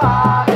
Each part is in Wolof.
Bye.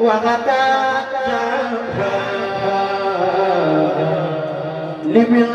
وغدا لمن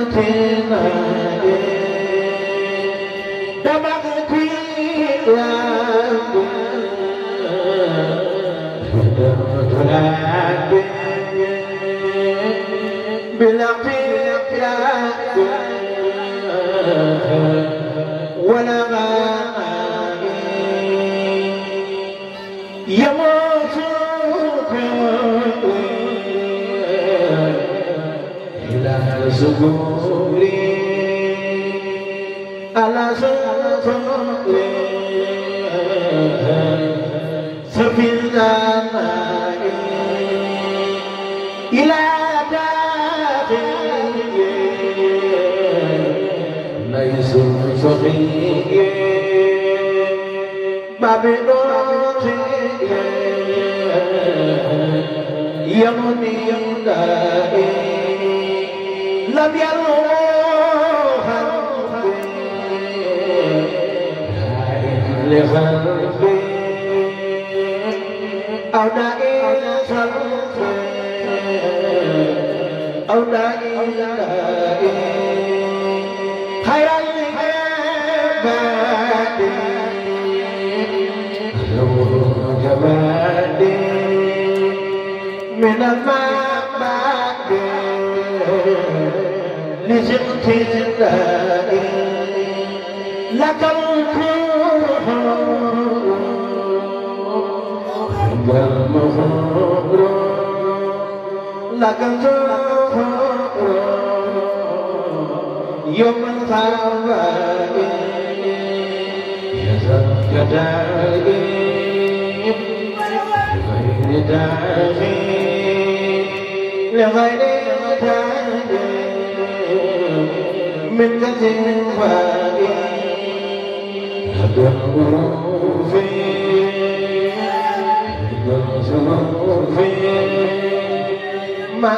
yom thavadi yadam yadagi yadam yadagi yadam yadagi من كثير وادي يدم في يدم في مع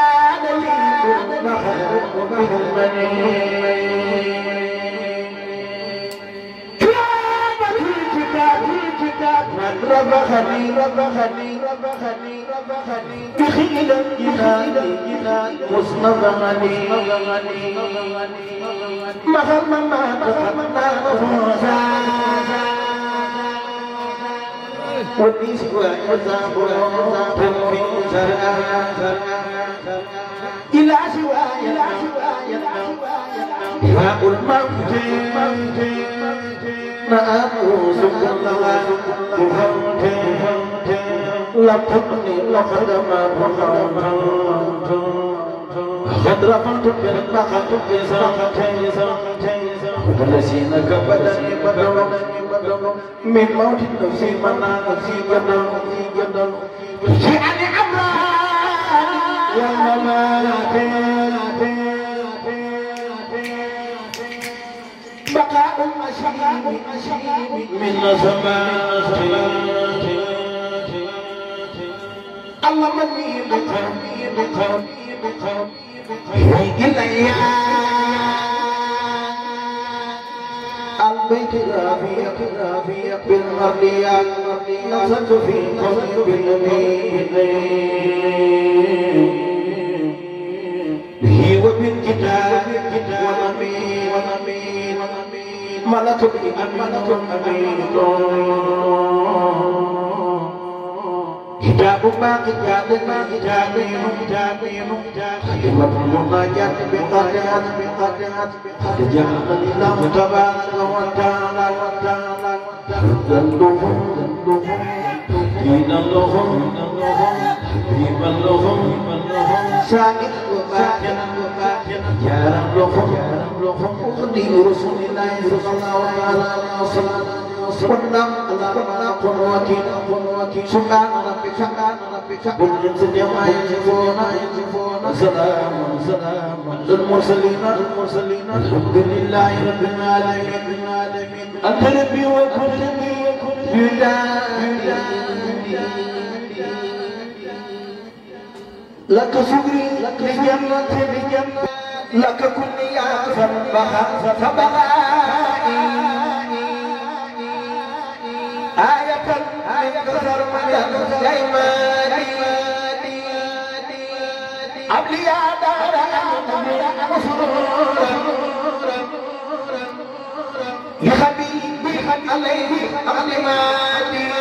عقبه البنين كان في الكتاب في الكتاب من ربخني ربخني ربخني ربخني بخيلا بخيلا بخيلا مصنبغني مغرما ما تخطى فوزا ونيس وعزاب وعزاب من شرعا إلى سوى إلى سوى هاء الموت مآبه سبحان الله مفوت لقبني لقد ما فخرت قد رفعت في المحط في سرقتي سرقتي والذين كبدني بدر من موت نفسي منا نفسي جدل نفسي جدل شيئا عمرا يا ممالاتي من نسمات اللهم اني بك إلي البيت الرافيق الرافيق بالغربية نصرت في قصد بالنبي به وبالكتاب ومن ملك الملك الأمين حجاب ما حجاب ما حجاب حجاب خدمة المناجاة بقرعة بقرعة قد جعل الله تبارك وتعالى وتعالى ذنبهم ذنبهم وينلهم يبلغهم ساكن وفاكن يا رب لهم أغني رسول الله صلى الله عليه وسلم قلنا قلنا قنوتي قنوتي سبحان ربك سبحان ربك قل جنس يوم يجفون يجفون سلام سلام للمرسلين المرسلين الحمد لله رب العالمين العالمين التربية والكتب بلا بلا لك شكري بجنة بجنة لك كل يا فبها فبغائي آية منك سرمدا سليماني أبلي يا دار يا حبيبي عليه أغلماني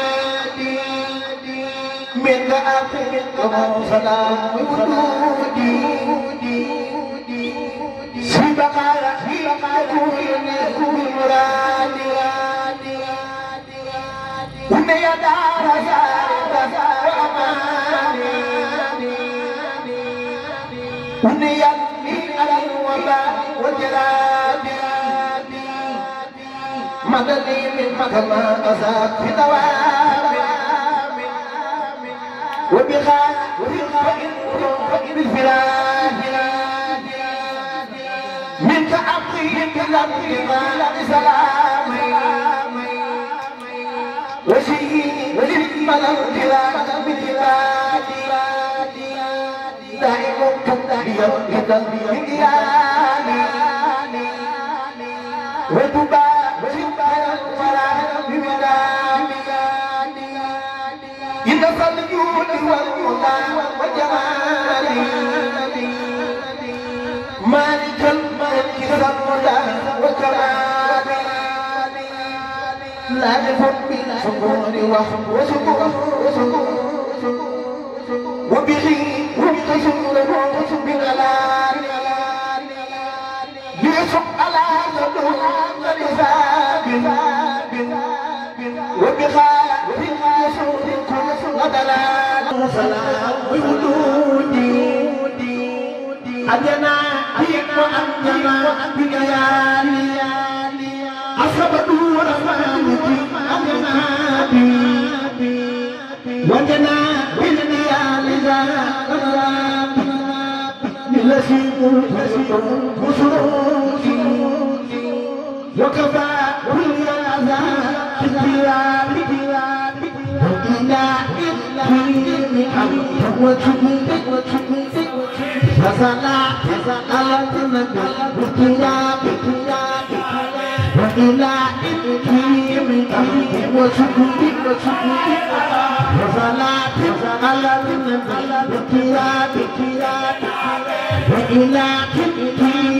مدني من مدى ما أزاد في دوامي وبخاف بالبلاد منك أبقي لابد سلامي وشيء لما الانقلاب بجلادي دائم كالنبي يوم من قيامي وتبارك والملك والهدى وجمالي مالك الملك ذا وكمالي لالف بالسكون وسكون وسكون وبه متصل له بالالام ليسق على تدور لثاب وبخاف يسوق كل ودلال والخلاء بوجودي أجنا بك وأنجنا بليالي أصحب دور رحمتك أجنا بي وجنا بالليالي ذا الذي ملتزم بسروتي وكفى كل اذى في الثياب وإلى إلا what you can think, what you can think, what you can think. Cause I lie, cause I lie, I remember. Pick it up, pick it up, pick it up. What you lie, if you can hear me, I mean, what you can think, what you can think. Cause I lie, cause I lie, remember. Pick it up, pick it up, pick it up. What you lie, if you can hear me.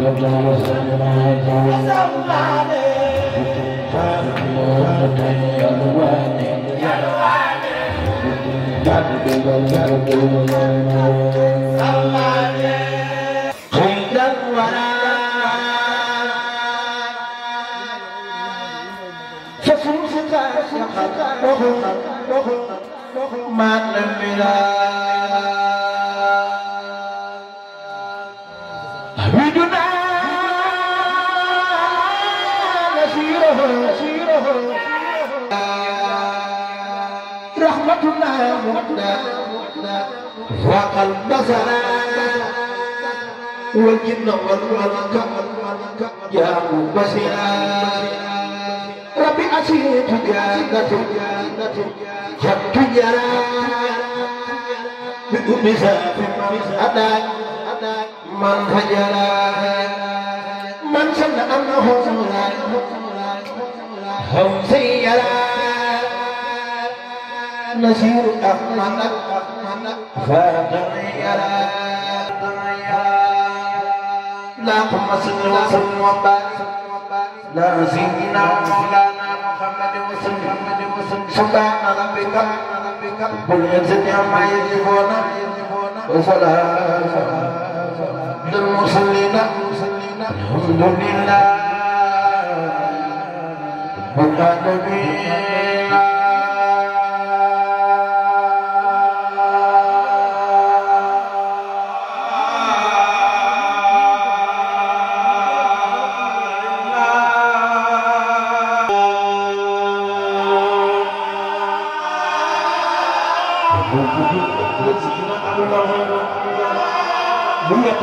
Magna Mirage الجن والملك يا مبشرا ربي أسيت جنة شك يرى بأم أدا من هجرا من سن أنه هم سيرا نسير أحمد فاتغيرا Allahumma salli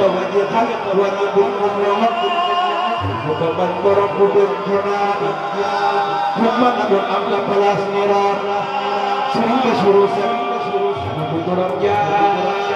waje xarit waje bu mu ñoom bu ko ban borom bu doon junaan bu mën a doon am la place ni raar sëriñ Bassirou Seck bu borom jaar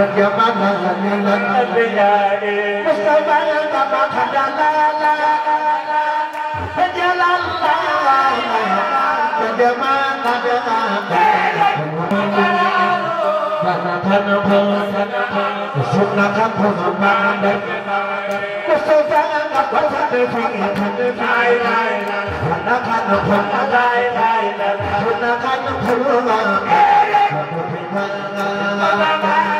لن يمنى لن الأنبياء مصطفى يتبع جلالا جلال الله لن يمنى سنة محمد مصطفى وتقفي تقفي ونقل محمد ونقل محمد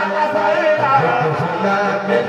Mustafa, bin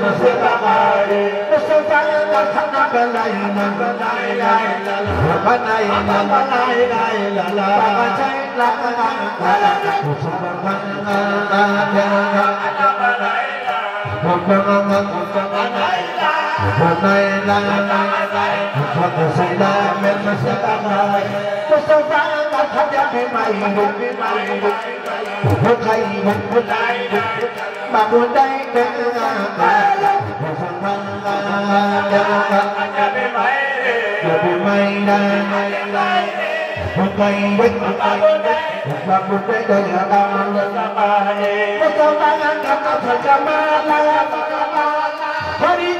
Hari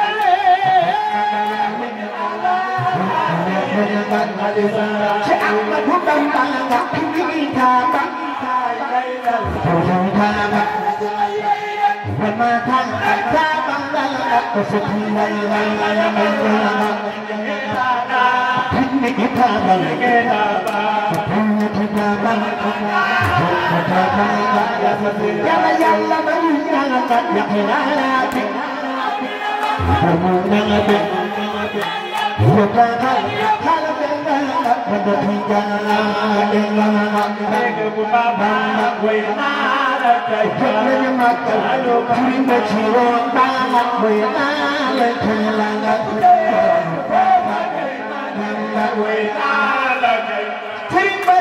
sẽ ăn mà thuốc đông bằng ngọc thiên lý thà bằng thầu thầu thà bằng Hãy subscribe cho kênh Ghiền Mì Gõ Để không bỏ lỡ những video hấp dẫn Wait,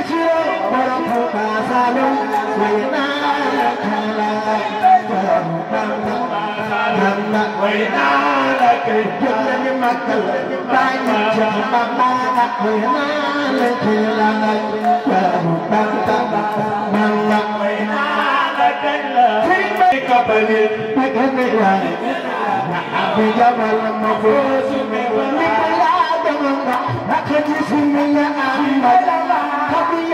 người na là kỳ dân lên nhưng mà từ những tay nhìn chờ ba ba đặt người na lên thì là chờ một đám ta bằng mặt người na là trên là thiên bê có bờ liền bê có bê là vì do mà là một vô sự mê vơ mi bê đã khơi sinh mê ya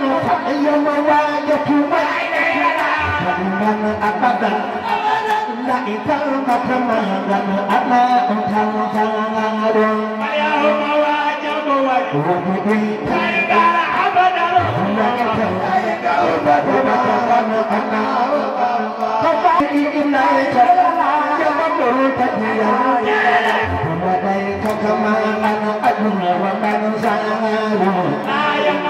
فأيما واجتما فمن أبدا لئن ترك كما لم أبا تنتظر فأيما واجتما وبدي كما أنا أدنى ومن زعلوا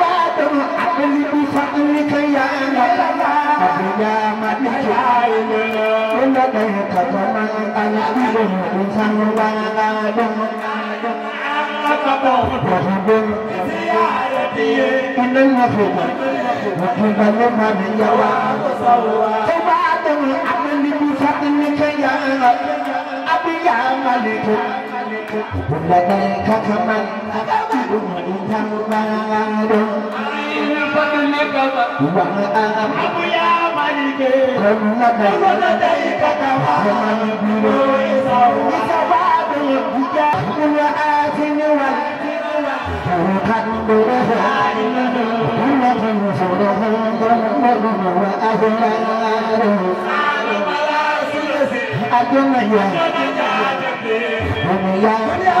لي بفضلك يا الله يا مالك ولديك فمن أنعم إنسان ولا وهب إن المفيد وكيف لمن يوى فبعد العمل بفضلك يا أبي يا مالك ولديك كمن أنعم إنسان ولا وأنا رب يا ملك كل لديك تواب وسواد ربك كل آت فرقا برهان كل فرح ضمن وأهلال أدنيا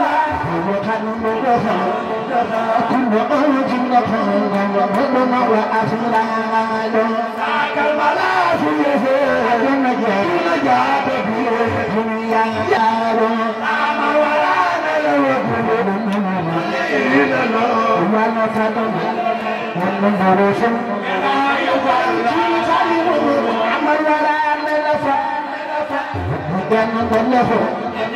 كل قوت لكم وظلم وأسرار ذاك الملاذ يزال النجاة نجاة في الدنيا يار قام ورانا لو كل من ونفد والنظر لا يضل عمل ورانا لفا دم دم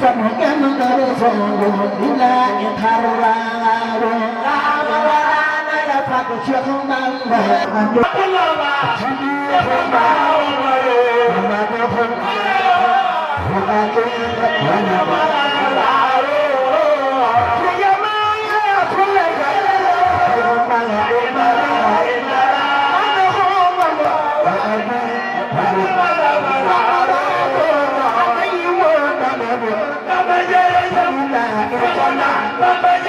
فمكن درسهم إلى إقرار ورانا يفتح من كل ما حديثنا عمره ومدهم ومدهم ومدهم Bye.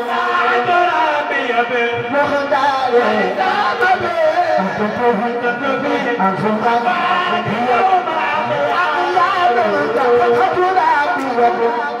Thank you.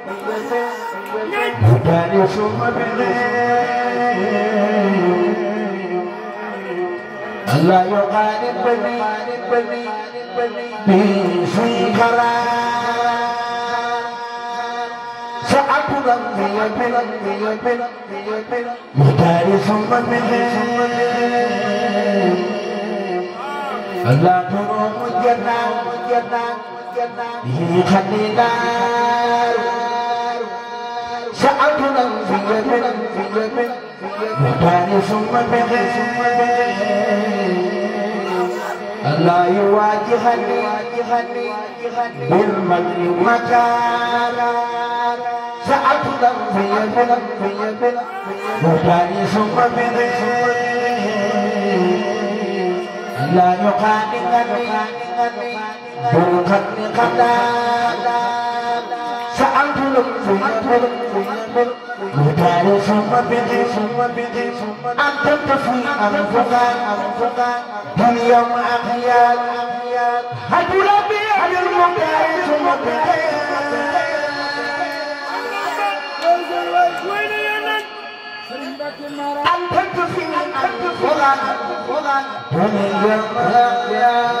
هداني ثم بغير لا يغالب بني بني بني في قرار سعد ربي مختار ثم بغير لا تروم الجنة به خليل سعدنا زيادنا زيادنا وطاني ثم بغي ثم لا يواجهني بالمجد مكانا سعدنا زيادنا زيادنا وطاني ثم بغي لا يقانعني بالقتل قتالا سأنطلق فينطلق مدار ثم بدي ثم بدي ثم أنت تفي أنفقان أنفقان دنيا أغيال أغيال هدو ربي على المدار ثم بدي أنت تفي أنفقان أنفقان دنيا أغيال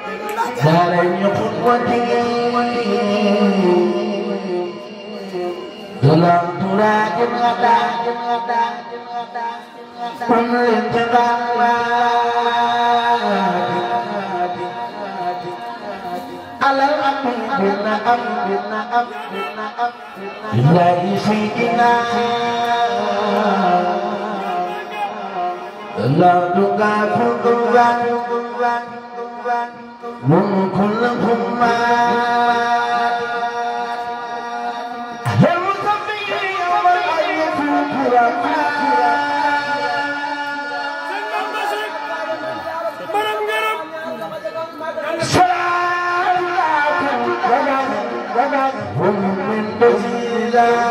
ما لم يكن وديا Dalam tulang jengata jengata jengata jengata Pemerintah Alal amin bina amin bina amin bina amin Ilahi sayyidina Dalam duka fukuran fukuran fukuran ملك لكم Bismillah.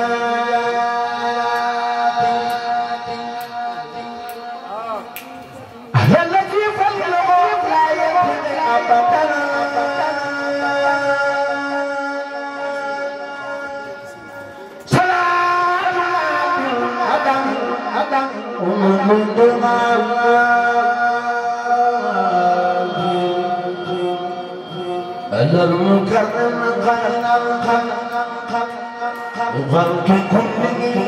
vâng trăng thân linh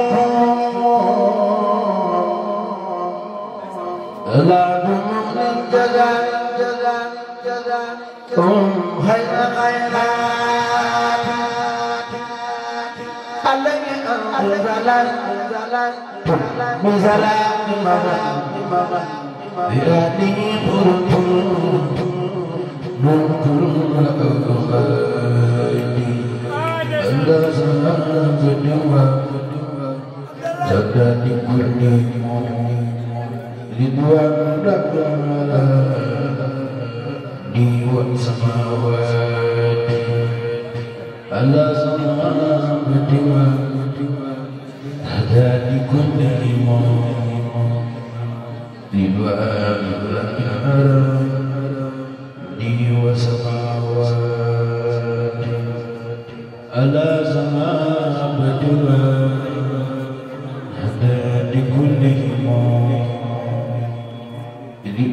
là đường lên gia gia gia gia gia gia cùng hay là hay là Alay Azalan Azalan Azalan Imam Imam Irani Purun Purun Purun Purun Purun Purun Purun Sangga sangga kedua Jaga di kurni Ribuan dakwa Diwan samawati Allah sangga kedua Jaga di kurni Ribuan dakwa على زمان بدوى حتى لكل ما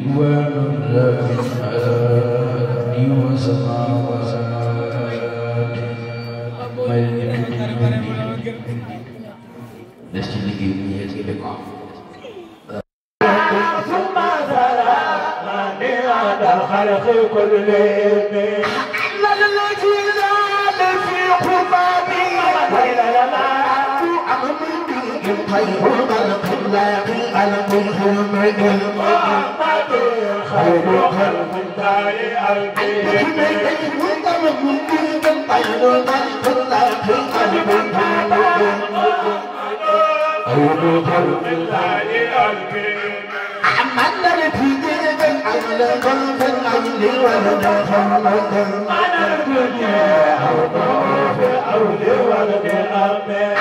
رضوان الله على أرضي وسماوات ملك الملك لست لجميع لكم ثم ترى من هذا الخلق كلهم خير خلق الله خلق المرء محمد خير خلق الله قلبي أحمد نتيجة العمل قلب العمل ولد خلق أنا الدنيا أو في الأول ولد أمين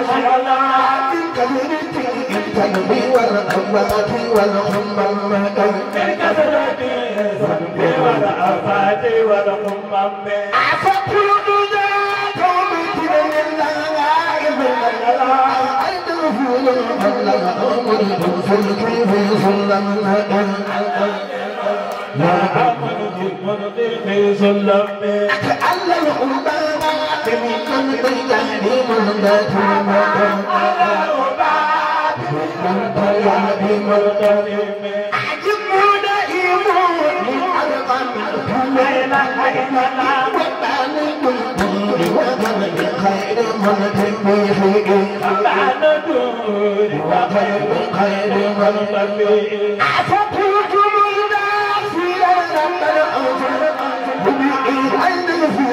لا أمن ذي المنظر في ظلم أتألم أمبارك I'm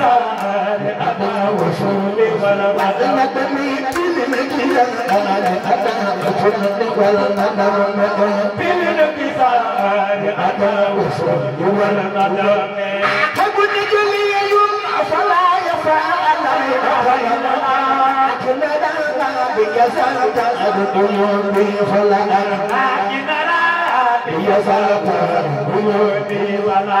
أنا وصولي والمدى المدني بالمكيال أنا وصولي والمدى بالمكيال أنا وصولي والمدى أقول جلي يوم فلا يفعل لكن أنا بجزاء القلوب فلا أنا بجزاء القلوب ولا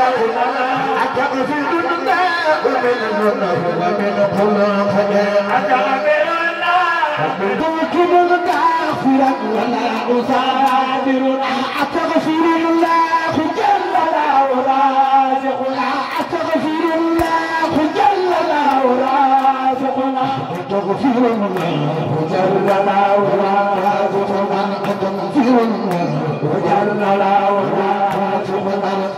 عجب في الدنيا ومن المنى ومن الخلق عجب أبدوك مغتافرا ولا أسافر أستغفر الله جل لا رازق أستغفر الله جل لا رازق أستغفر الله جل لا رازق أستغفر الله جل لا رازق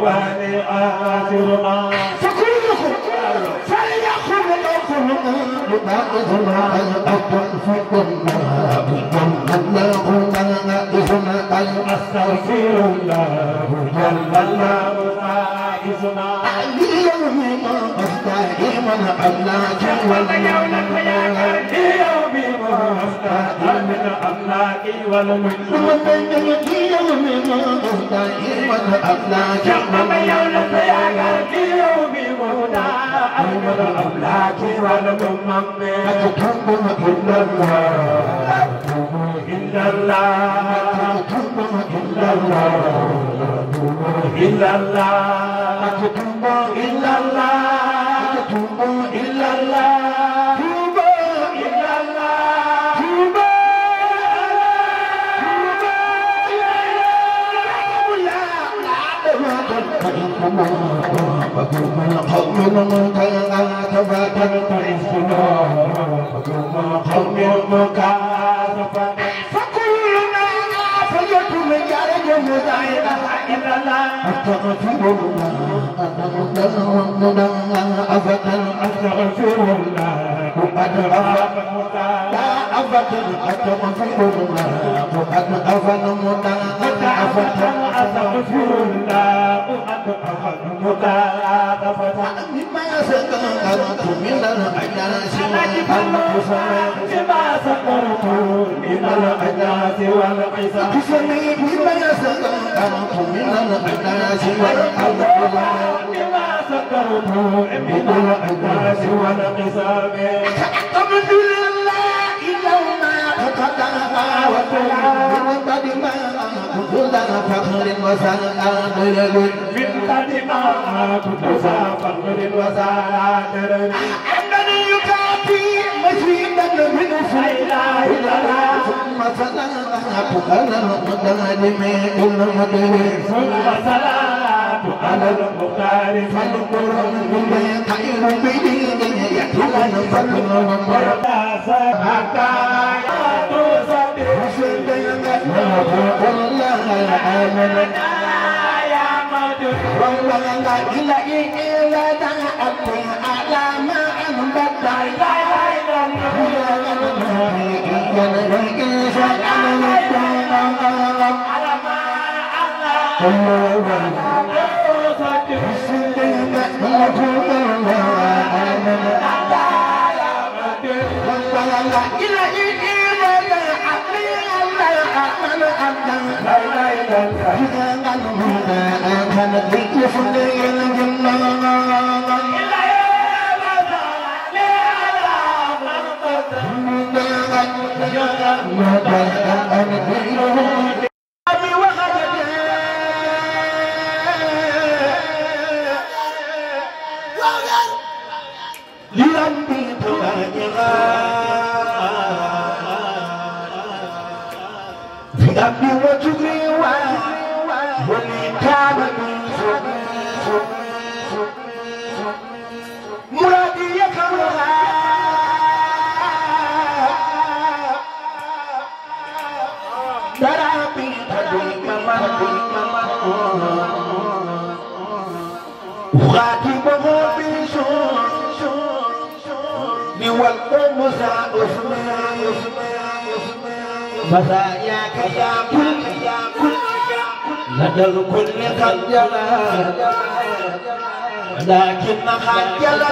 I'm آخرنا فكلكم فليأخذ أخذكم ببعضهم علقة فكنا اللهم نائزنا أستغفر الله جل الله نائزنا اللهم أستعين على جل الله مستعين من أخلاق والمجد جمع يولد يا قلبي يومي مودا أجمل أخلاقي والمؤمن أتكلم إلا الله إلا الله أتكلم إلا الله إلا الله أتكلم إلا الله Allahumma أبدا أتمفعهما وقد أفن مدى أتعفت أتغفر الله وقد أفن مدى أتفت مما سكرت من الأجناس والأنفسات بما سكرت من الأجناس والأنفسات مما سكرت من الأجناس والأنفسات بما سكرت من الأجناس والأنفسات أتعقب الدنيا Hatta Ila ila يا ربي مزاياك يا لدى الكل خجلا لكن خجلا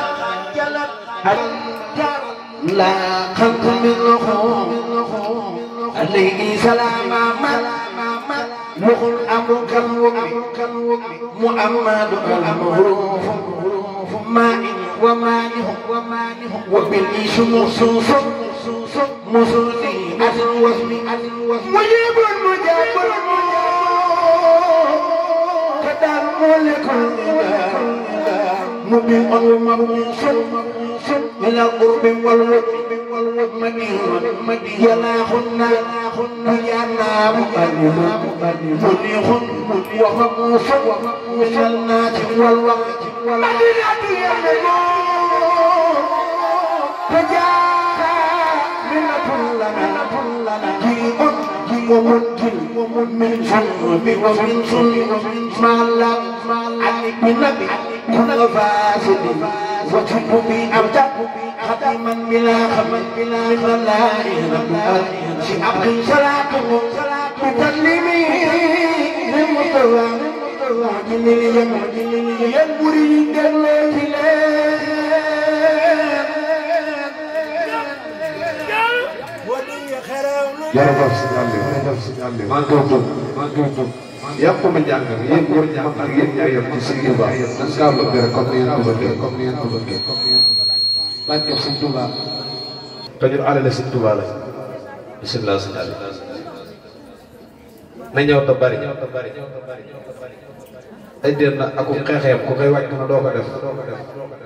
لا خلق منه عليه سلام مخل أمرك الوقت محمد المهروف ما إن ومانع وبالي شموس مصوني أزل وزن مجيب مجاب كدر ملك مبيع ومبوس من القرب والوطن يلاخنا بيانا مؤلم منيخ ومبوس من الناس والوقت مدينة يمنون فجاء منة لنا جيء ومد من جنب ومن ظلم ما لم علم النبي كل فاسد وتب بأبدا خديما بلا خمد بلا خلائه ربها شعب صلاته بتسليمه للمطوى من اليمن ينبري الدلال jërëjëf sëñ Aliou jërëjëf sëñ Aliou maa ngi koy dund maa ngi koy dund yàq ma jàng yéen góor ñi ak yéen ñaar yem ci sëñ Touba dañ kaa bëgg rek comme ni ngeen ko bëggee comme ni ngeen ko bëggee barkeb sëñ Touba te ñun alal sëñ Touba la bisimilah sëñ Aliou na ñëw te bari ay dér na aku xeexeem ku koy wàcc na doo ko def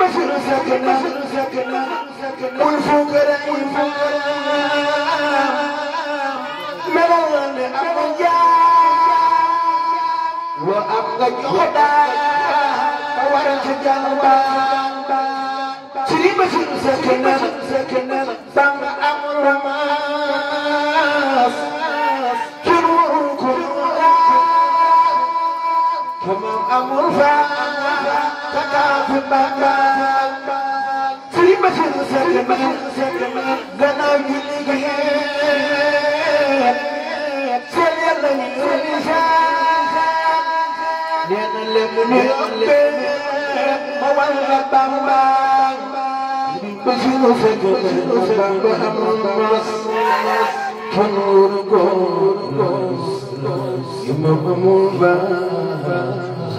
رزقنا والفقراء من الأغيار وأبغي خدا ورد جنبا سليمة رزقنا رزقنا بام أمر ماس جنوركم كما أمر فاس Bye.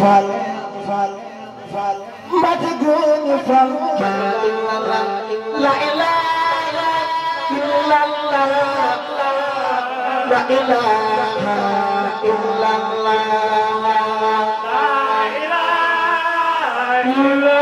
fal fal fal mbati góoni fal la ilaha illallah la ilaha illallah la ilaha illallah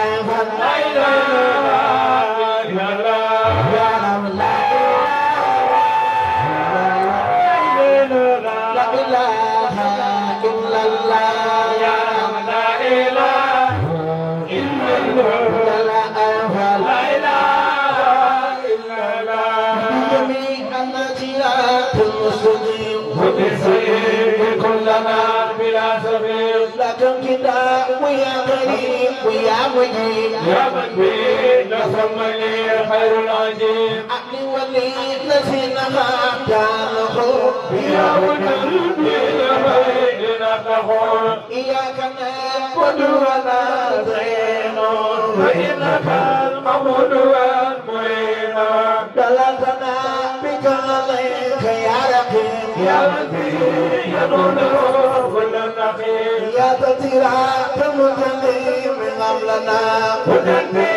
وبسير كلنا بلا سبيل لكم كدا ويا غريب ويا مجيب يا مجيب لسمني خير العجيب عقلي وليد نسينا كان حب يا قلبي لبيدنا تخون إياك نعبد ونستعين فإنك المولود والمعين دلتنا يا مدين يدون كل النخيل يا تطيرات مدني من أملنا مدني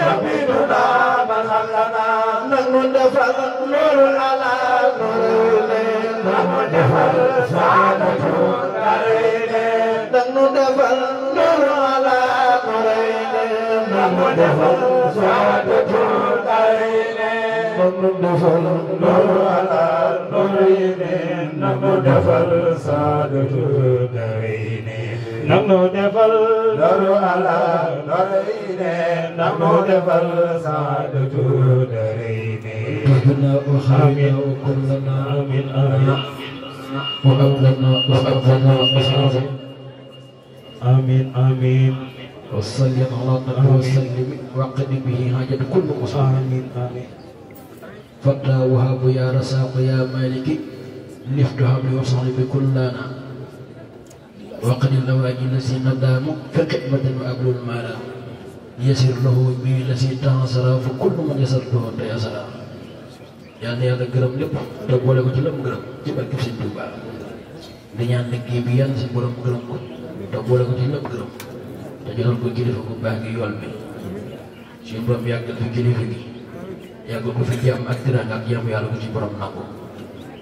يبيدنا من خلنا نحن دفع نور على نور نحن دفع سعادة نارين نحن دفع نور على نورين نحن دفع سعادة نارين قد فالنور على المريم نمد فالسادة درين نمد فالنور على درين نمد فالسادة درين ربنا أخرجنا وكلنا من آية وأبلنا وأبلنا أصحابه آمين آمين وصلي على النبي وسلم وقد به حاجة كل مصاب آمين آمين فضلا وهاب يا رساق يا مالك لفت حبل وصاحب كلانا وقد اللواج الذي ندام كقدمة أبل المال يسر له بي الذي تنصر فكل من يسر له أنت يا سلام يعني هذا قرم لب تقول لك لم قرم تبقى كيف سنتوبا دنيان لكي بيان سنبرم قرم تقول لك لم قرم تجلل كي كيف كبه يولمي سنبرم يأكل في كيف كيف yàggal ko fi jàmm ak tiraanga ak jàmm yàlla ko ci borom nangu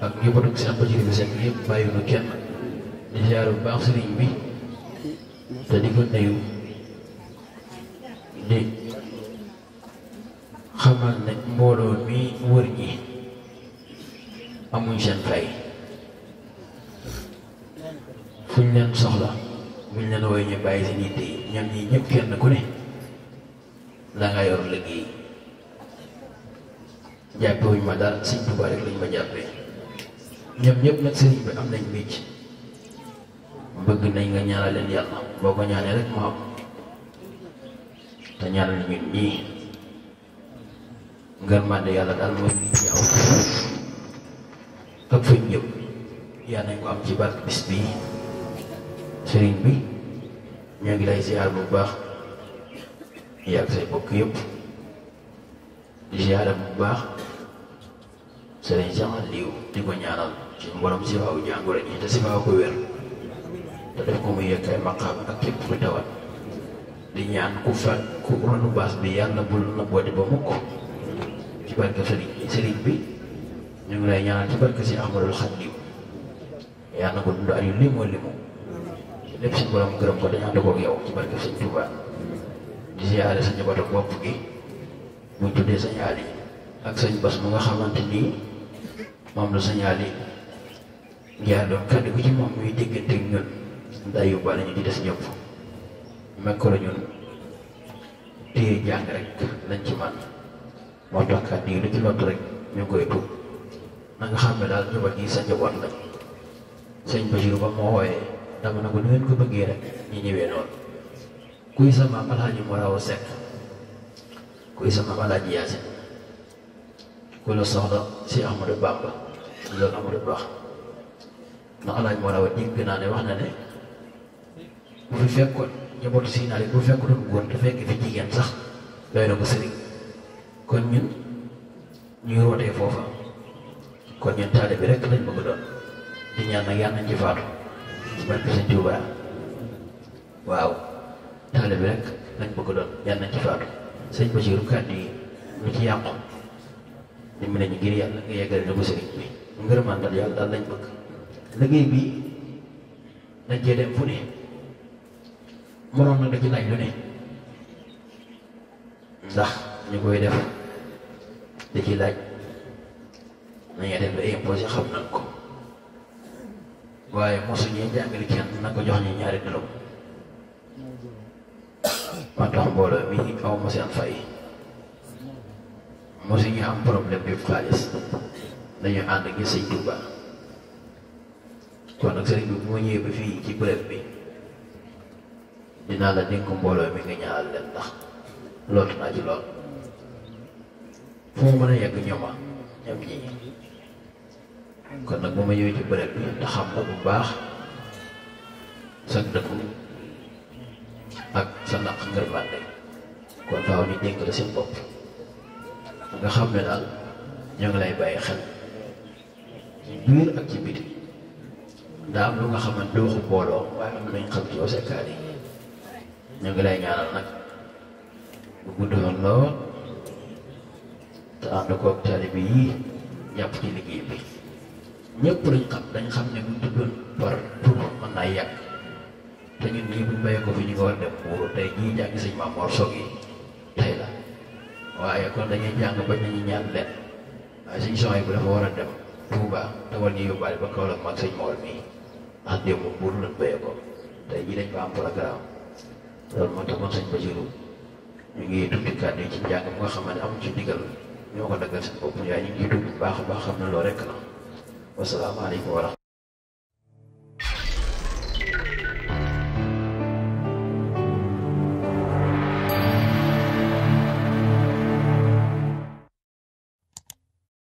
ak ñëpp nag seen bajiri bi seen yëpp bàyyi nu kenn di ziar bu baax sëriñ bi te di ko nuyu di xamal ne mbooloo mi wër ñi amuñ seen fay fuñ leen soxla buñ leen woy ñu bàyyi seen yitte yi ñoom ñii ñëpp kenn ku ne da nga yor liggéey jàppe wuñ ma daal sëñ Tuubaa rek lañ ma jàppee ñoom ñëpp nag sëriñ bi am nañ micc bëgg nañ nga ñaanal leen yàlla boo ko ñaanee rek mu am te ñaanal ñun ñii ngërmande yàlla daal mooy ñu ñaaw ak fuñ ñëpp yaa nañ ko am ci barke bis bii sëriñ bi ñoo ngi lay ziar bu baax yàgg say bokk yëpp ziar bu baax sering jangan liu di ko ñaanal suñu borom si waaw jàngoro ñi te si waaw ko wér te def ko mu yëkk di ñaan ku fa ku ronu bi yàlla bul na boodi bi si Ahmadul Xadim yàlla na ko dund limu lépp suñu borom gërëm ko dañu ada koog yow ci barke di siyaare sa njabootu bopp gi buñ desanya Ali ak Bas mu moom la signalé yaa doon kaddu gu ci moom muy diggante ak ñun day yóbbaale ñu di des ñëpp mekko la ñun téye jàng rek lañ ci man moo tax kaddu yi lu ci lott rek ñu ngi koy tuub na nga xam ne daal ñu bëgg sa njaboot la sëñ Bachir ba moo wooyee dama na ko ni ngeen ko bëggee rek ñu ñëwee noonu kuy sama alaaji moo raw sekk kuy sama alaaji yaasin ku la soxla si Ahmadou Bamba loolu amul wax ndax alaaj moo rawat dégg naa ne wax na ne bu fi fekkoon njabootu si naaj bu fekkoon góor te fekk fi jigéen sax doy na ko sëriñ kon ñun ñuy rootee foofa kon ñun taalibe bi rek lañ bëgg doon di ñaan nag yàlla nañ ci faatu barke Sëñ Tuubaa waaw taalibe rek lañ bëgg doon yàlla nañ ci faatu sëñ Basiiru kàddu yi lu ci yàqu dimbale ñu ngir yàlla nga yeggal ñu ko sëriñ ngërmandal yàlla daal lañ bëgg liggéey bi dañ cee dem fu ne moroom nag da ci laaj lu ne ndax ñu koy def da ci laaj nañu def ba imposé xam nañ ko waaye mosu ñee jàngale kenn na ko jox ni ñaari dërëm man tax mbooloo aw ma seen fay mosu ñu am problème bi xaalis dañu ànd ak ñi sëñ Tuubaa kon nag sëriñ bi bu ma ñëwee ba fii ci bërëb bi dinaa la dénk mbooloo mi nga ñaanal leen ndax loolu naa ci lool fu mu mën a yegg ñooma ñoom ah, ñi kon nag bu ma ñëwee ci bërëb bi te xam ko bu baax sa dëkku ak sa naq ngër bànde kon dénk la bopp nga xam ne daal ñoo ngi lay bàyyi xel biir ak ci biti daa am lu nga xamante du waxu bolo waaye am nañ xam ci yow sekkaar yi ñu ngi lay ñaanal nag bu gudd woon lool te ànd koog taalibe yi jàpp ci liggéey bi ñëpp lañ xam dañ xam ne buñ tuddoon par tur mën naa yàgg te ñun ñii buñ bàyyi ko fi ñu ngi dem buuru tey ñii jàng sëñ Maam Mor Sogi la kon dañuy jàng ñaan bu dafa dem Touba dama ñu yóbbaale ba Kaolack mag sëñ Mor mii ndax démb buur lañ béyee ko tey jii dañ ko am programme loolu moo tax man sëñ Basiru ñu ngi tuuti kàddu yi ci njàng mu nga xam ne ci ndigal ñoo ko daggal seen bopp yaay ñu ngi tudd baax a baax xam na loolu rek la wasalaamaaleykum wa rahmatulah